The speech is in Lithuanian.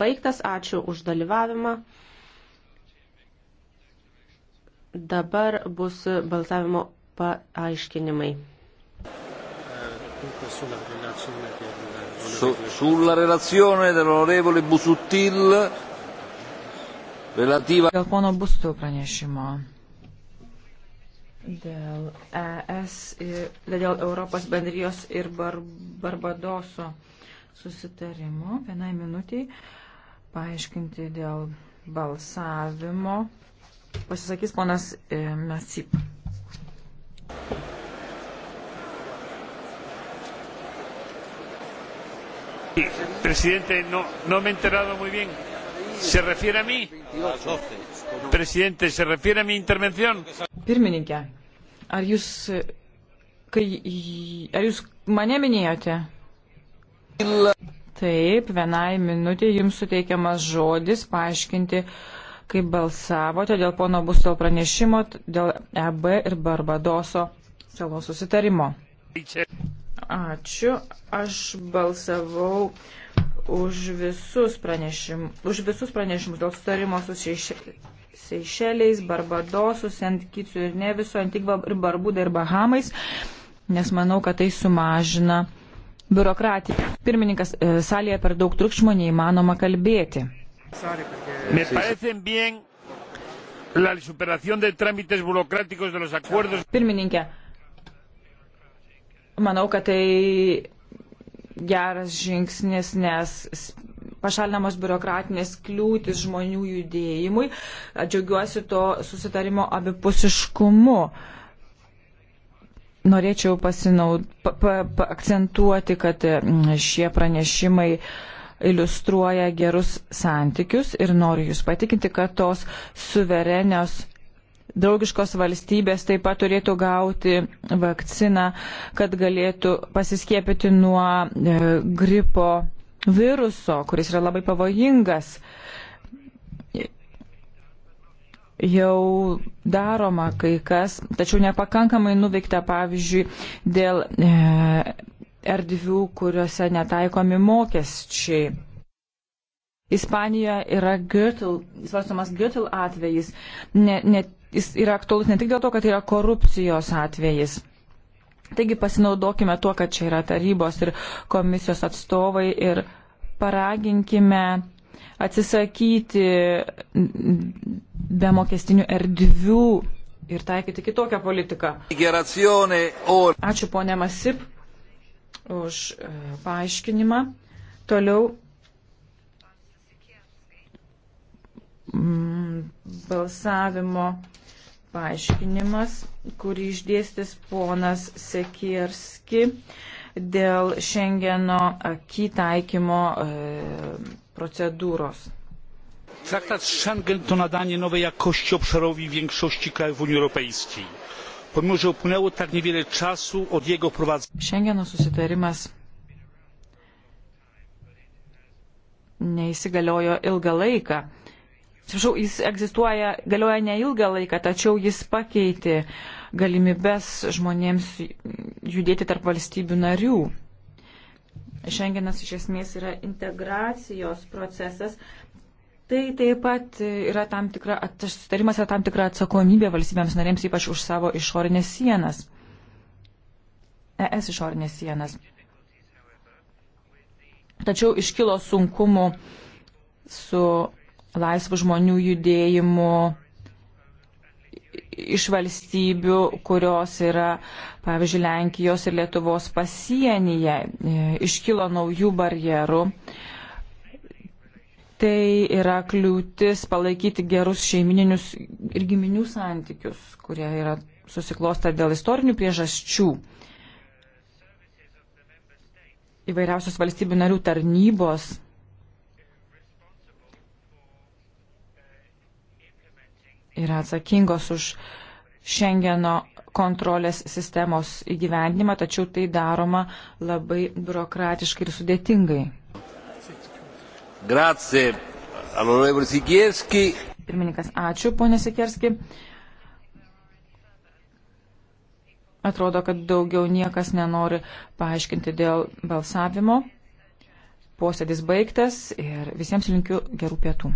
baigtas. Ačiū už dalyvavimą. Dabar bus balsavimo paaiškinimai. Su, sulla relazione dell'onorevole Busuttil relativa. Dėl pono Bustų pranešimo. Dėl ES, dėl Europos bendrijos ir bar, Barbadoso susitarimo vienai minutiai paaiškinti dėl balsavimo. Pasisakys ponas Masip. E, Presidente, no, no me he enterado muy bien. ¿Se refiere a mí? Presidente, ¿se refiere a mi intervención? Pirmininkė, ar jūs, e, kai, ar jūs mane minėjote? Taip, vienai minutė jums suteikiamas žodis paaiškinti, kaip balsavote dėl pono Bustel pranešimo, dėl EB ir Barbadoso salos susitarimo. Ačiū. Aš balsavau už visus, pranešim, už visus pranešimus dėl sutarimo su Seišeliais, Barbadosu, Sentkicu ir Nevisu, Antigva ir Barbuda ir Bahamais, nes manau, kad tai sumažina biurokratija. Pirmininkas, e, salėje per daug triukšmo neįmanoma kalbėti. Me parecen bien la superación de trámites burocráticos de los acuerdos. Pirmininkė, manau, kad tai geras žingsnis, nes pašalinamos biurokratinės kliūtis žmonių judėjimui. Džiaugiuosi to susitarimo abipusiškumu. Uh, norėčiau pasinaud, pa, pa, pa, akcentuoti, kad mm, šie pranešimai iliustruoja gerus santykius ir noriu Jūs patikinti, kad tos suverenios draugiškos valstybės taip pat turėtų gauti vakciną, kad galėtų pasiskiepyti nuo e, gripo viruso, kuris yra labai pavojingas jau daroma kai kas, tačiau nepakankamai nuveikta, pavyzdžiui, dėl e, erdvių, kuriuose netaikomi mokesčiai. Ispanijoje yra Girtil, svarstomas Girtil atvejis, ne, ne, jis yra aktuolus ne tik dėl to, kad yra korupcijos atvejis. Taigi pasinaudokime tuo, kad čia yra tarybos ir komisijos atstovai ir paraginkime atsisakyti be mokestinių erdvių ir taikyti kitokią politiką. Ačiū ponė Masip už e, paaiškinimą. Toliau mm, balsavimo paaiškinimas, kurį išdėstis ponas Sekierski dėl Šengeno akį taikymo. E, procedūros. Traktat Schengen to nadanie nowej jakości obszarowi większości krajów Unii Europejskiej. Pomimo, że upłynęło tak niewiele czasu od jego wprowadzenia. Schengeno susitarimas neįsigaliojo ilgą laiką. Atsiprašau, jis egzistuoja, galioja neilgą laiką, tačiau jis pakeitė galimybės žmonėms judėti tarp valstybių narių. Šengenas iš esmės yra integracijos procesas. Tai taip pat yra tam tikra, tas sutarimas yra tam tikra atsakomybė valstybėms narėms, ypač už savo išorinės sienas. ES išorinės sienas. Tačiau iškilo sunkumų su laisvų žmonių judėjimu iš valstybių, kurios yra, pavyzdžiui, Lenkijos ir Lietuvos pasienyje, e, iškilo naujų barjerų. Tai yra kliūtis palaikyti gerus šeimininius ir giminių santykius, kurie yra susiklosta dėl istorinių priežasčių. Įvairiausios valstybių narių tarnybos yra atsakingos už Šengeno kontrolės sistemos įgyvendimą, tačiau tai daroma labai biurokratiškai ir sudėtingai. Grazie, Anorevole Sikierski. Pirmininkas, ačiū, ponė Sikierski. Atrodo, kad daugiau niekas nenori paaiškinti dėl balsavimo. Posėdis baigtas ir visiems linkiu gerų pietų.